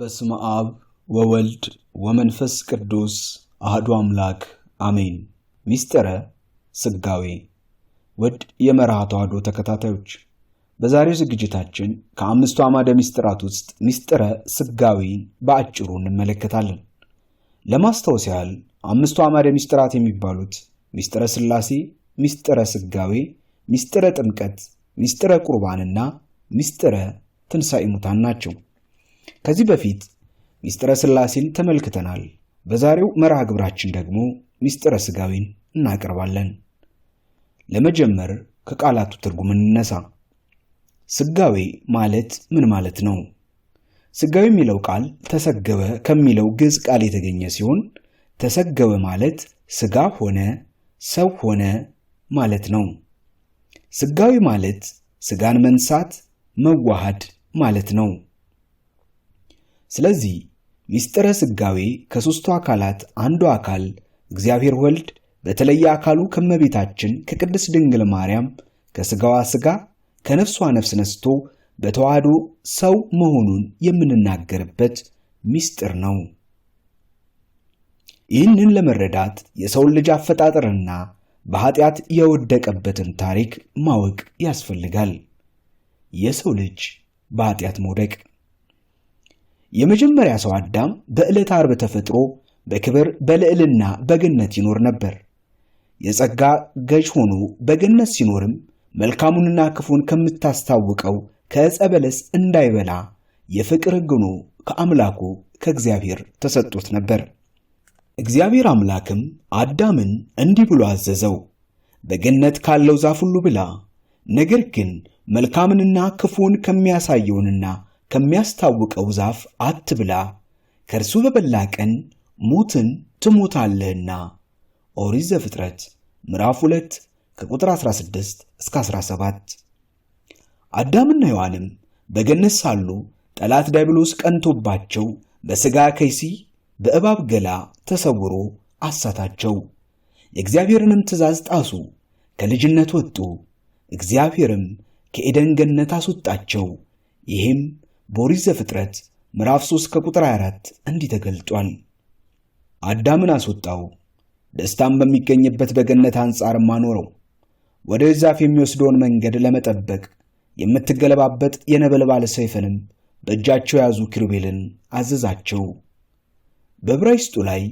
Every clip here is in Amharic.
በስመ አብ ወወልድ ወመንፈስ ቅዱስ አህዱ አምላክ አሜን። ሚስጥረ ስጋዌ። ውድ የመርሃ ተዋህዶ ተከታታዮች በዛሬው ዝግጅታችን ከአምስቱ አማደ ሚስጥራት ውስጥ ሚስጥረ ስጋዌን በአጭሩ እንመለከታለን። ለማስታወስ ያህል አምስቱ አማደ ሚስጥራት የሚባሉት ሚስጥረ ሥላሴ፣ ሚስጥረ ስጋዌ፣ ሚስጥረ ጥምቀት፣ ሚስጥረ ቁርባንና ሚስጥረ ትንሣኤ ሙታን ናቸው። ከዚህ በፊት ሚስጥረ ስላሴን ተመልክተናል። በዛሬው መርሃ ግብራችን ደግሞ ሚስጥረ ስጋዊን እናቀርባለን። ለመጀመር ከቃላቱ ትርጉም እንነሳ። ስጋዌ ማለት ምን ማለት ነው? ስጋዌ የሚለው ቃል ተሰገበ ከሚለው ግዕዝ ቃል የተገኘ ሲሆን ተሰገበ ማለት ስጋ ሆነ፣ ሰው ሆነ ማለት ነው። ስጋዊ ማለት ስጋን መንሳት መዋሃድ ማለት ነው። ስለዚህ ሚስጥረ ስጋዌ ከሦስቱ አካላት አንዱ አካል እግዚአብሔር ወልድ በተለየ አካሉ ከመቤታችን ከቅድስት ድንግል ማርያም ከሥጋዋ ሥጋ ከነፍሷ ነፍስ ነስቶ በተዋህዶ ሰው መሆኑን የምንናገርበት ሚስጥር ነው። ይህንን ለመረዳት የሰውን ልጅ አፈጣጠርና በኃጢአት የወደቀበትን ታሪክ ማወቅ ያስፈልጋል። የሰው ልጅ በኃጢአት መውደቅ የመጀመሪያ ሰው አዳም በእለት ዓርብ ተፈጥሮ በክብር በልዕልና በገነት ይኖር ነበር። የጸጋ ገዥ ሆኖ በገነት ሲኖርም መልካሙንና ክፉን ከምታስታውቀው ከዕፀ በለስ እንዳይበላ የፍቅር ሕግኖ ከአምላኩ ከእግዚአብሔር ተሰጥቶት ነበር። እግዚአብሔር አምላክም አዳምን እንዲህ ብሎ አዘዘው፣ በገነት ካለው ዛፍ ሁሉ ብላ፣ ነገር ግን መልካምንና ክፉን ከሚያሳየውንና ከሚያስታውቀው ዛፍ አትብላ፣ ከእርሱ በበላ ቀን ሞትን ትሞታለህና። ኦሪት ዘፍጥረት ምዕራፍ 2 ከቁጥር 16 እስከ 17። አዳምና ሔዋንም በገነት ሳሉ ጠላት ዲያብሎስ ቀንቶባቸው በሥጋ ከይሲ በእባብ ገላ ተሰውሮ አሳታቸው። የእግዚአብሔርንም ትእዛዝ ጣሱ፣ ከልጅነት ወጡ። እግዚአብሔርም ከኤደን ገነት አስወጣቸው። ይህም በኦሪት ዘፍጥረት ምዕራፍ 3 ከቁጥር 24 እንዲህ ተገልጧል። አዳምን አስወጣው፣ ደስታም በሚገኝበት በገነት አንጻርም አኖረው። ወደ ዛፍ የሚወስደውን መንገድ ለመጠበቅ የምትገለባበጥ የነበልባል ሰይፍንም በእጃቸው የያዙ ኪሩቤልን አዘዛቸው። በዕብራይስጡ ላይ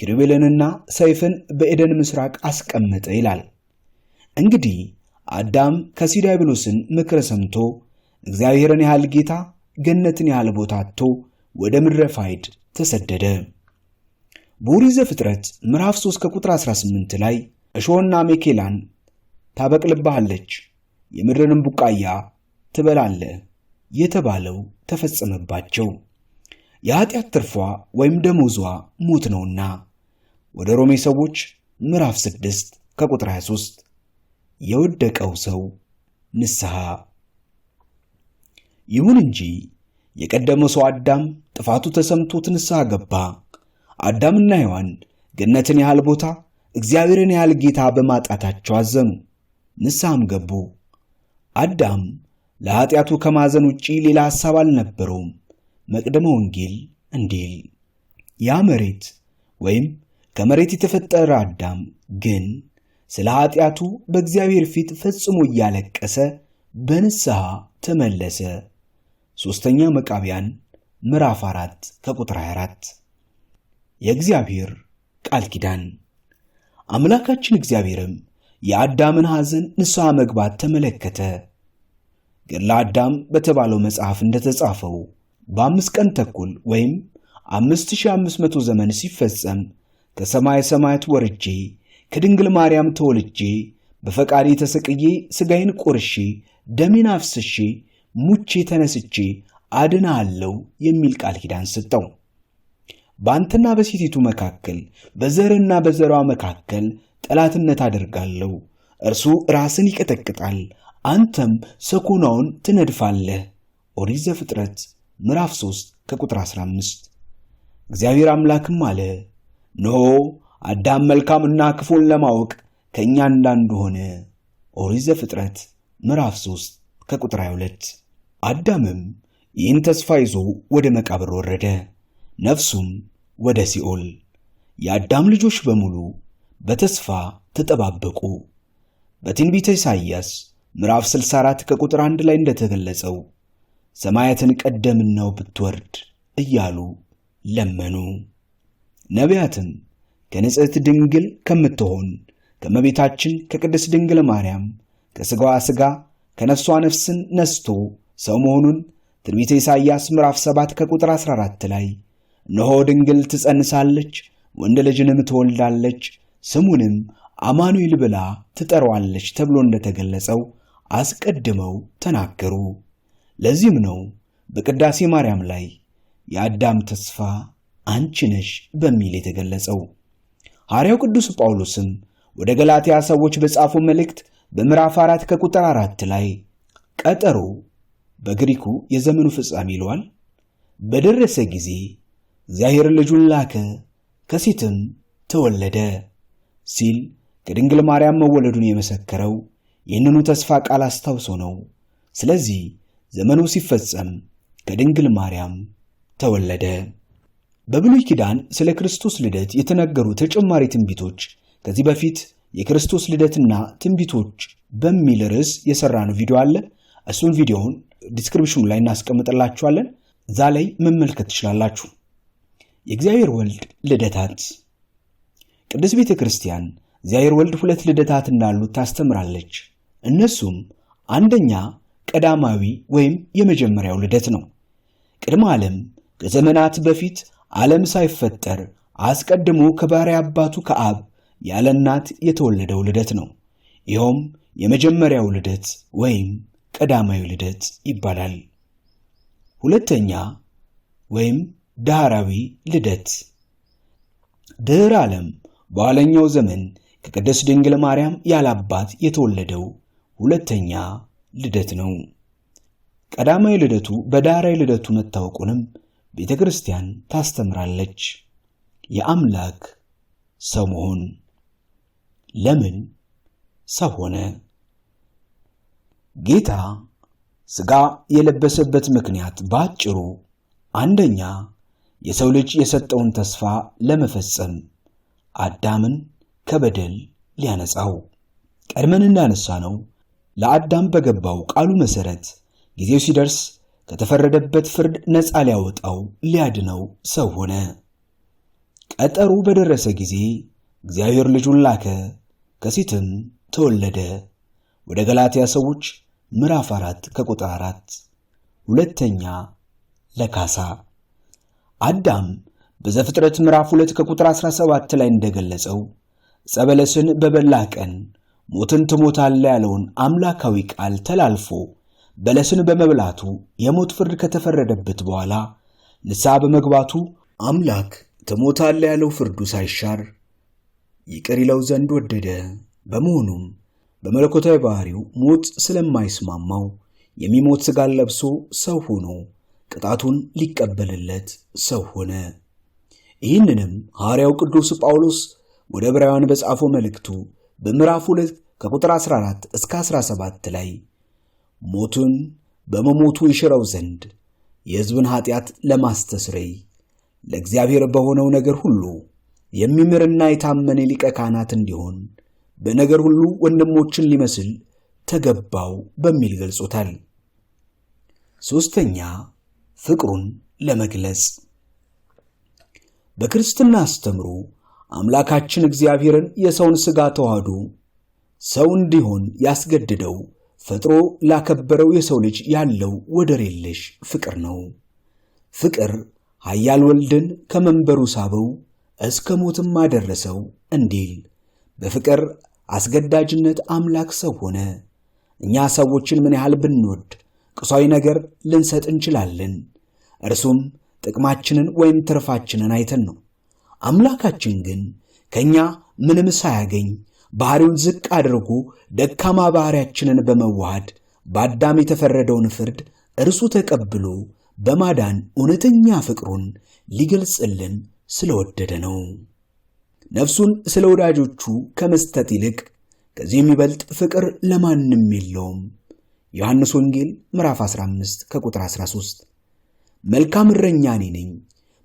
ኪሩቤልንና ሰይፍን በኤደን ምስራቅ አስቀመጠ ይላል። እንግዲህ አዳም ከሲዲያብሎስን ምክር ሰምቶ እግዚአብሔርን ያህል ጌታ ገነትን ያህል ቦታ አጥቶ ወደ ምድረ ፋይድ ተሰደደ። በኦሪት ዘፍጥረት ምዕራፍ 3 ከቁጥር 18 ላይ እሾህና ሜኬላን ታበቅልብሃለች፣ የምድርንም ቡቃያ ትበላለህ የተባለው ተፈጸመባቸው። የኃጢአት ትርፏ ወይም ደሞዟ ሞት ነውና ወደ ሮሜ ሰዎች ምዕራፍ 6 ከቁጥር 23 የወደቀው ሰው ንስሐ ይሁን እንጂ የቀደመው ሰው አዳም ጥፋቱ ተሰምቶ ንስሐ ገባ። አዳምና ሔዋን ገነትን ያህል ቦታ እግዚአብሔርን ያህል ጌታ በማጣታቸው አዘኑ፣ ንስሐም ገቡ። አዳም ለኀጢአቱ ከማዘን ውጪ ሌላ ሐሳብ አልነበረውም። መቅደመ ወንጌል እንዲል ያ መሬት ወይም ከመሬት የተፈጠረ አዳም ግን ስለ ኀጢአቱ በእግዚአብሔር ፊት ፈጽሞ እያለቀሰ በንስሐ ተመለሰ። ሦስተኛ መቃቢያን ምዕራፍ 4 ከቁጥር 24 የእግዚአብሔር ቃል ኪዳን አምላካችን እግዚአብሔርም የአዳምን ሐዘን ንስሐ መግባት ተመለከተ። ገድለ አዳም በተባለው መጽሐፍ እንደተጻፈው በአምስት ቀን ተኩል ወይም 5500 ዘመን ሲፈጸም ከሰማይ ሰማያት ወርጄ ከድንግል ማርያም ተወልጄ በፈቃዴ ተሰቅዬ ሥጋዬን ቆርሼ ደሜን አፍስሼ ሙቼ ተነስቼ አድና አለው የሚል ቃል ኪዳን ሰጠው። በአንተና በሴቲቱ መካከል በዘርና በዘሯ መካከል ጠላትነት አደርጋለሁ። እርሱ ራስን ይቀጠቅጣል፣ አንተም ሰኮናውን ትነድፋለህ። ኦሪት ዘፍጥረት ምዕራፍ 3 ከቁጥር 15። እግዚአብሔር አምላክም አለ፣ እነሆ አዳም መልካምና ክፉን ለማወቅ ከእኛ እንዳንዱ ሆነ። ኦሪት ዘፍጥረት ምዕራፍ 3 ከቁጥር 22 አዳምም ይህን ተስፋ ይዞ ወደ መቃብር ወረደ፣ ነፍሱም ወደ ሲኦል። የአዳም ልጆች በሙሉ በተስፋ ተጠባበቁ። በትንቢተ ኢሳይያስ ምዕራፍ 64 ከቁጥር 1 ላይ እንደተገለጸው ሰማያትን ቀደምነው ብትወርድ እያሉ ለመኑ። ነቢያትም ከንጽሕት ድንግል ከምትሆን ከመቤታችን ከቅድስት ድንግል ማርያም ከሥጋዋ ሥጋ ከነፍሷ ነፍስን ነስቶ ሰው መሆኑን ትንቢተ ኢሳይያስ ምዕራፍ 7 ከቁጥር 14 ላይ እነሆ ድንግል ትጸንሳለች፣ ወንድ ልጅንም ትወልዳለች፣ ስሙንም አማኑኤል ብላ ትጠሯለች ተብሎ እንደተገለጸው አስቀድመው ተናገሩ። ለዚህም ነው በቅዳሴ ማርያም ላይ የአዳም ተስፋ አንቺ ነሽ በሚል የተገለጸው። ሐዋርያው ቅዱስ ጳውሎስም ወደ ገላትያ ሰዎች በጻፉ መልእክት በምዕራፍ አራት ከቁጥር አራት ላይ ቀጠሮ በግሪኩ የዘመኑ ፍጻሜ ይለዋል። በደረሰ ጊዜ እግዚአብሔር ልጁን ላከ፣ ከሴትም ተወለደ ሲል ከድንግል ማርያም መወለዱን የመሰከረው ይህንኑ ተስፋ ቃል አስታውሶ ነው። ስለዚህ ዘመኑ ሲፈጸም ከድንግል ማርያም ተወለደ። በብሉይ ኪዳን ስለ ክርስቶስ ልደት የተነገሩ ተጨማሪ ትንቢቶች ከዚህ በፊት የክርስቶስ ልደትና ትንቢቶች በሚል ርዕስ የሰራነው ቪዲዮ አለ። እሱን ቪዲዮውን ዲስክሪፕሽኑ ላይ እናስቀምጥላችኋለን። እዛ ላይ መመልከት ትችላላችሁ። የእግዚአብሔር ወልድ ልደታት ቅዱስ ቤተ ክርስቲያን እግዚአብሔር ወልድ ሁለት ልደታት እንዳሉት ታስተምራለች። እነሱም አንደኛ ቀዳማዊ ወይም የመጀመሪያው ልደት ነው። ቅድመ ዓለም ከዘመናት በፊት ዓለም ሳይፈጠር አስቀድሞ ከባሕርይ አባቱ ከአብ ያለ እናት የተወለደው ልደት ነው። ይኸውም የመጀመሪያው ልደት ወይም ቀዳማዊ ልደት ይባላል። ሁለተኛ ወይም ዳህራዊ ልደት ድህር ዓለም በኋለኛው ዘመን ከቅድስት ድንግል ማርያም ያላባት የተወለደው ሁለተኛ ልደት ነው። ቀዳማዊ ልደቱ በዳህራዊ ልደቱ መታወቁንም ቤተ ክርስቲያን ታስተምራለች። የአምላክ ሰው መሆን ለምን ሰው ሆነ? ጌታ ሥጋ የለበሰበት ምክንያት በአጭሩ አንደኛ የሰው ልጅ የሰጠውን ተስፋ ለመፈጸም አዳምን ከበደል ሊያነጻው ቀድመን እንዳነሳ ነው ለአዳም በገባው ቃሉ መሰረት ጊዜው ሲደርስ ከተፈረደበት ፍርድ ነፃ ሊያወጣው ሊያድነው ሰው ሆነ። ቀጠሩ በደረሰ ጊዜ እግዚአብሔር ልጁን ላከ፣ ከሴትም ተወለደ። ወደ ገላትያ ሰዎች ምዕራፍ አራት ከቁጥር አራት ሁለተኛ ለካሳ አዳም በዘፍጥረት ምዕራፍ ሁለት ከቁጥር 17 ላይ እንደገለጸው ጸበለስን በበላ ቀን ሞትን ትሞታለ ያለውን አምላካዊ ቃል ተላልፎ በለስን በመብላቱ የሞት ፍርድ ከተፈረደበት በኋላ ንስሐ በመግባቱ አምላክ ትሞታለ ያለው ፍርዱ ሳይሻር ይቅር ይለው ዘንድ ወደደ። በመሆኑም በመለኮታዊ ባህሪው ሞት ስለማይስማማው የሚሞት ስጋን ለብሶ ሰው ሆኖ ቅጣቱን ሊቀበልለት ሰው ሆነ። ይህንንም ሐዋርያው ቅዱስ ጳውሎስ ወደ ዕብራውያን በጻፈው መልእክቱ በምዕራፍ 2 ከቁጥር 14 እስከ 17 ላይ ሞቱን በመሞቱ ይሽረው ዘንድ የሕዝብን ኀጢአት ለማስተስረይ ለእግዚአብሔር በሆነው ነገር ሁሉ የሚምርና የታመነ ሊቀ ካህናት እንዲሆን በነገር ሁሉ ወንድሞችን ሊመስል ተገባው በሚል ገልጾታል። ሦስተኛ ፍቅሩን ለመግለጽ በክርስትና አስተምሮ አምላካችን እግዚአብሔርን የሰውን ሥጋ ተዋህዶ ሰው እንዲሆን ያስገድደው ፈጥሮ ላከበረው የሰው ልጅ ያለው ወደር የለሽ ፍቅር ነው። ፍቅር ኃያል ወልድን ከመንበሩ ሳበው እስከ ሞትም አደረሰው እንዲል በፍቅር አስገዳጅነት አምላክ ሰው ሆነ። እኛ ሰዎችን ምን ያህል ብንወድ ቁሳዊ ነገር ልንሰጥ እንችላለን። እርሱም ጥቅማችንን ወይም ትርፋችንን አይተን ነው። አምላካችን ግን ከእኛ ምንም ሳያገኝ ባህሪውን ዝቅ አድርጎ ደካማ ባህሪያችንን በመዋሃድ በአዳም የተፈረደውን ፍርድ እርሱ ተቀብሎ በማዳን እውነተኛ ፍቅሩን ሊገልጽልን ስለወደደ ነው። ነፍሱን ስለ ወዳጆቹ ከመስጠት ይልቅ ከዚህ የሚበልጥ ፍቅር ለማንም የለውም። ዮሐንስ ወንጌል ምዕራፍ 15 ከቁጥር 13። መልካም እረኛ እኔ ነኝ፣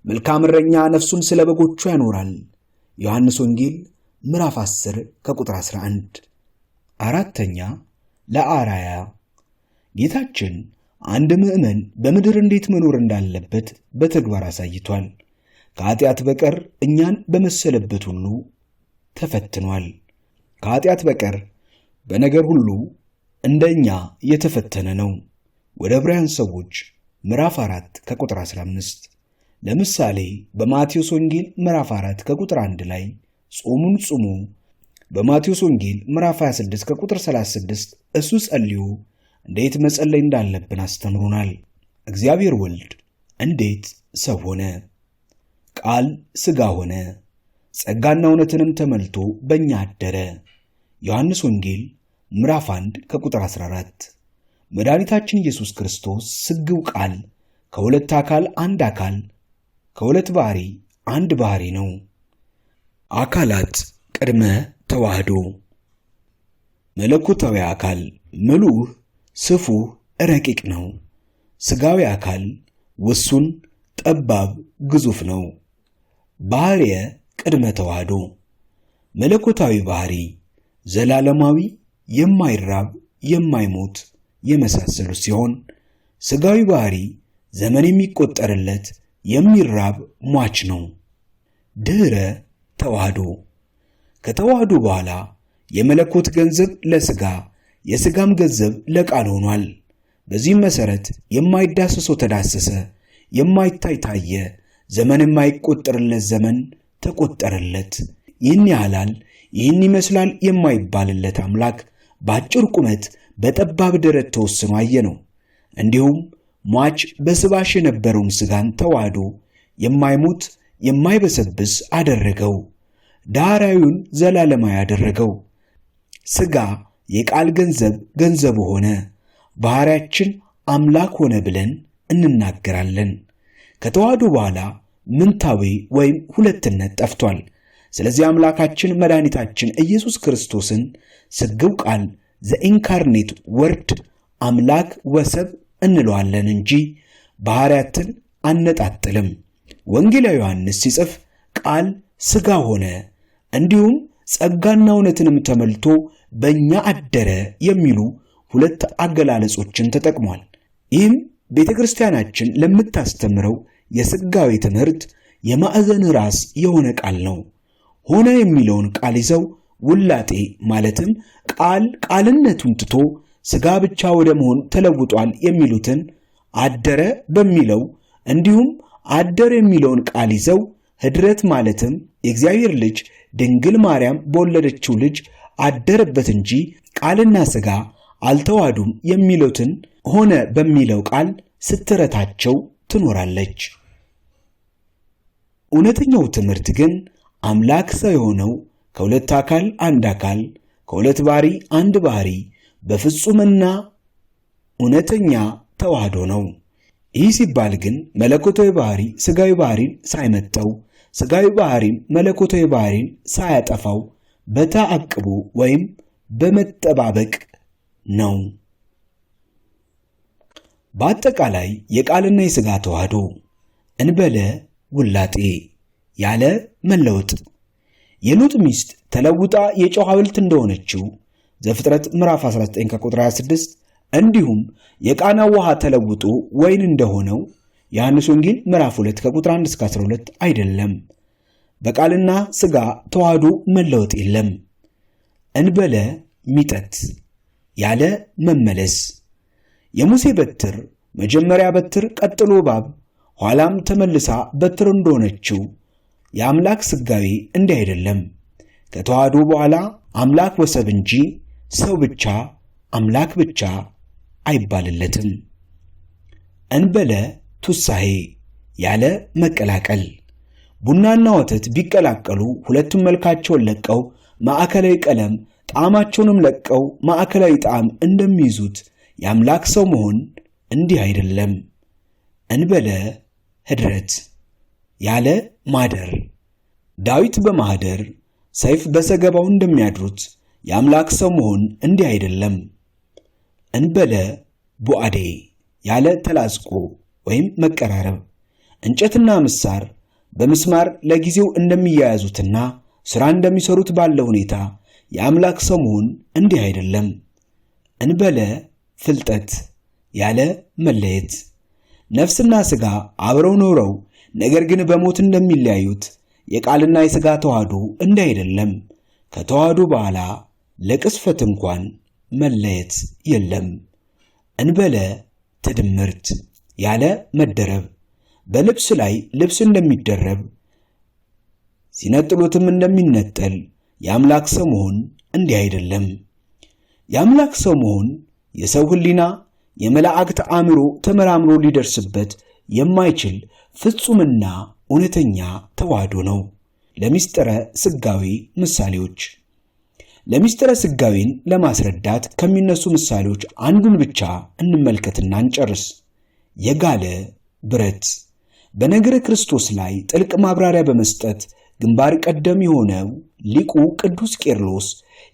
መልካም እረኛ ነፍሱን ስለ በጎቹ ያኖራል። ዮሐንስ ወንጌል ምዕራፍ 10 ከቁጥር 11። አራተኛ ለአራያ ጌታችን አንድ ምዕመን በምድር እንዴት መኖር እንዳለበት በተግባር አሳይቷል። ከኃጢአት በቀር እኛን በመሰለበት ሁሉ ተፈትኗል። ከኃጢአት በቀር በነገር ሁሉ እንደ እኛ የተፈተነ ነው። ወደ ዕብራውያን ሰዎች ምዕራፍ 4 ከቁጥር 15 ለምሳሌ በማቴዎስ ወንጌል ምዕራፍ 4 ከቁጥር 1 ላይ ጾሙን ጹሙ፣ በማቴዎስ ወንጌል ምዕራፍ 26 ከቁጥር 36 እሱ ጸልዩ እንዴት መጸለይ እንዳለብን አስተምሮናል። እግዚአብሔር ወልድ እንዴት ሰው ሆነ? ቃል ሥጋ ሆነ፣ ጸጋና እውነትንም ተመልቶ በእኛ አደረ። ዮሐንስ ወንጌል ምዕራፍ 1 ከቁጥር 14። መድኃኒታችን ኢየሱስ ክርስቶስ ስግው ቃል ከሁለት አካል አንድ አካል ከሁለት ባሕሪ አንድ ባሕሪ ነው። አካላት ቅድመ ተዋህዶ መለኮታዊ አካል ምሉህ ስፉህ ረቂቅ ነው። ሥጋዊ አካል ውሱን ጠባብ ግዙፍ ነው። ባህርየ ቅድመ ተዋህዶ መለኮታዊ ባህሪ ዘላለማዊ፣ የማይራብ የማይሞት የመሳሰሉት ሲሆን ስጋዊ ባህሪ ዘመን የሚቆጠርለት የሚራብ ሟች ነው። ድኅረ ተዋህዶ ከተዋህዶ በኋላ የመለኮት ገንዘብ ለስጋ የስጋም ገንዘብ ለቃል ሆኗል። በዚህም መሠረት የማይዳሰሰው ተዳሰሰ፣ የማይታይ ታየ፣ ዘመን የማይቆጠርለት ዘመን ተቆጠረለት። ይህን ያህላል ይህን ይመስላል የማይባልለት አምላክ በአጭር ቁመት በጠባብ ደረት ተወስኖ አየ ነው። እንዲሁም ሟች በስባሽ የነበረውን ሥጋን ተዋህዶ የማይሞት የማይበሰብስ አደረገው። ዳህራዊውን ዘላለማዊ አደረገው። ሥጋ የቃል ገንዘብ ገንዘቡ ሆነ። ባሕርያችን አምላክ ሆነ ብለን እንናገራለን። ከተዋህዶ በኋላ ምንታዊ ወይም ሁለትነት ጠፍቷል። ስለዚህ አምላካችን መድኃኒታችን ኢየሱስ ክርስቶስን ስግው ቃል ዘኢንካርኔት ወርድ አምላክ ወሰብ እንለዋለን እንጂ ባሕርያትን አነጣጥልም። ወንጌላዊ ዮሐንስ ሲጽፍ ቃል ሥጋ ሆነ እንዲሁም ጸጋና እውነትንም ተመልቶ በእኛ አደረ የሚሉ ሁለት አገላለጾችን ተጠቅሟል። ይህም ቤተ ክርስቲያናችን ለምታስተምረው የስጋዊ ትምህርት የማዕዘን ራስ የሆነ ቃል ነው። ሆነ የሚለውን ቃል ይዘው ውላጤ ማለትም ቃል ቃልነቱን ትቶ ሥጋ ብቻ ወደ መሆን ተለውጧል የሚሉትን አደረ በሚለው እንዲሁም አደር የሚለውን ቃል ይዘው ኅድረት ማለትም የእግዚአብሔር ልጅ ድንግል ማርያም በወለደችው ልጅ አደረበት እንጂ ቃልና ሥጋ አልተዋዱም የሚሉትን ሆነ በሚለው ቃል ስትረታቸው ትኖራለች። እውነተኛው ትምህርት ግን አምላክ ሰው የሆነው ከሁለት አካል አንድ አካል ከሁለት ባህሪ አንድ ባህሪ በፍጹምና እውነተኛ ተዋህዶ ነው። ይህ ሲባል ግን መለኮታዊ ባህሪ ስጋዊ ባህሪን ሳይመጠው፣ ስጋዊ ባህሪም መለኮታዊ ባህሪን ሳያጠፋው በተአቅቦ ወይም በመጠባበቅ ነው። በአጠቃላይ የቃልና የሥጋ ተዋህዶ እንበለ ውላጤ ያለ መለወጥ የሉጥ ሚስት ተለውጣ የጨው ሐውልት እንደሆነችው ዘፍጥረት ምዕራፍ 19 ከቁጥር 26 እንዲሁም የቃና ውሃ ተለውጦ ወይን እንደሆነው ዮሐንስ ወንጌል ምዕራፍ 2 ከቁጥር 1 እስከ 12 አይደለም። በቃልና ሥጋ ተዋህዶ መለወጥ የለም። እንበለ ሚጠት ያለ መመለስ የሙሴ በትር መጀመሪያ በትር ቀጥሎ እባብ ኋላም ተመልሳ በትር እንደሆነችው የአምላክ ስጋዌ እንዲህ አይደለም። ከተዋህዶ በኋላ አምላክ ወሰብ እንጂ ሰው ብቻ አምላክ ብቻ አይባልለትም። እንበለ ቱሳሄ ያለ መቀላቀል ቡናና ወተት ቢቀላቀሉ ሁለቱም መልካቸውን ለቀው ማዕከላዊ ቀለም ጣዕማቸውንም ለቀው ማዕከላዊ ጣዕም እንደሚይዙት የአምላክ ሰው መሆን እንዲህ አይደለም። እንበለ ህድረት ያለ ማደር ዳዊት በማኅደር ሰይፍ በሰገባው እንደሚያድሩት የአምላክ ሰው መሆን እንዲህ አይደለም። እንበለ ቡአዴ ያለ ተላጽቆ ወይም መቀራረብ እንጨትና ምሳር በምስማር ለጊዜው እንደሚያያዙትና ሥራ እንደሚሰሩት ባለ ሁኔታ የአምላክ ሰው መሆን እንዲህ አይደለም። እንበለ ፍልጠት ያለ መለየት ነፍስና ሥጋ አብረው ኖረው ነገር ግን በሞት እንደሚለያዩት የቃልና የሥጋ ተዋህዶ እንዲህ አይደለም። ከተዋህዶ በኋላ ለቅስፈት እንኳን መለየት የለም። እንበለ ትድምርት ያለ መደረብ በልብስ ላይ ልብስ እንደሚደረብ ሲነጥሉትም እንደሚነጠል የአምላክ ሰው መሆን እንዲህ አይደለም። የአምላክ ሰው መሆን የሰው ሕሊና የመላእክት አእምሮ ተመራምሮ ሊደርስበት የማይችል ፍጹምና እውነተኛ ተዋህዶ ነው። ለሚስጥረ ስጋዌ ምሳሌዎች ለሚስጥረ ስጋዊን ለማስረዳት ከሚነሱ ምሳሌዎች አንዱን ብቻ እንመልከትና እንጨርስ። የጋለ ብረት በነገረ ክርስቶስ ላይ ጥልቅ ማብራሪያ በመስጠት ግንባር ቀደም የሆነው ሊቁ ቅዱስ ቄርሎስ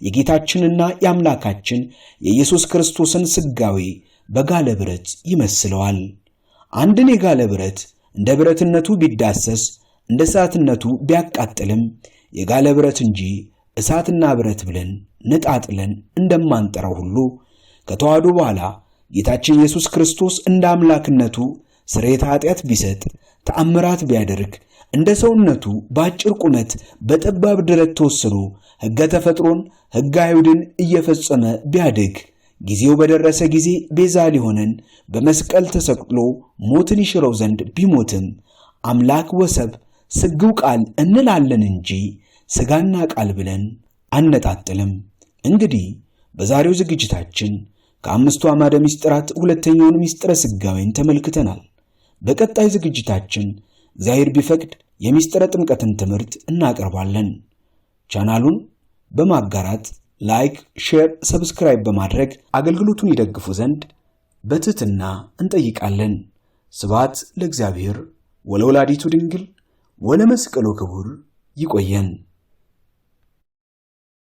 የጌታችንና የአምላካችን የኢየሱስ ክርስቶስን ሥጋዌ በጋለ ብረት ይመስለዋል። አንድን የጋለ ብረት እንደ ብረትነቱ ቢዳሰስ እንደ እሳትነቱ ቢያቃጥልም የጋለ ብረት እንጂ እሳትና ብረት ብለን ነጣጥለን እንደማንጠራው ሁሉ ከተዋሕዶ በኋላ ጌታችን ኢየሱስ ክርስቶስ እንደ አምላክነቱ ስርየተ ኃጢአት ቢሰጥ ተአምራት ቢያደርግ እንደ ሰውነቱ በአጭር ቁመት በጠባብ ደረት ተወስኖ ሕገ ተፈጥሮን ሕገ አይሁድን እየፈጸመ ቢያድግ ጊዜው በደረሰ ጊዜ ቤዛ ሊሆነን በመስቀል ተሰቅሎ ሞትን ይሽረው ዘንድ ቢሞትም አምላክ ወሰብ ስግው ቃል እንላለን እንጂ ሥጋና ቃል ብለን አነጣጥልም። እንግዲህ በዛሬው ዝግጅታችን ከአምስቱ አማደ ምስጢራት ሁለተኛውን ምስጢረ ሥጋዌን ተመልክተናል። በቀጣይ ዝግጅታችን እግዚአብሔር ቢፈቅድ የሚስጥረ ጥምቀትን ትምህርት እናቀርባለን። ቻናሉን በማጋራት ላይክ፣ ሼር፣ ሰብስክራይብ በማድረግ አገልግሎቱን ይደግፉ ዘንድ በትህትና እንጠይቃለን። ስብሐት ለእግዚአብሔር ወለወላዲቱ ድንግል ወለመስቀሉ ክቡር። ይቆየን።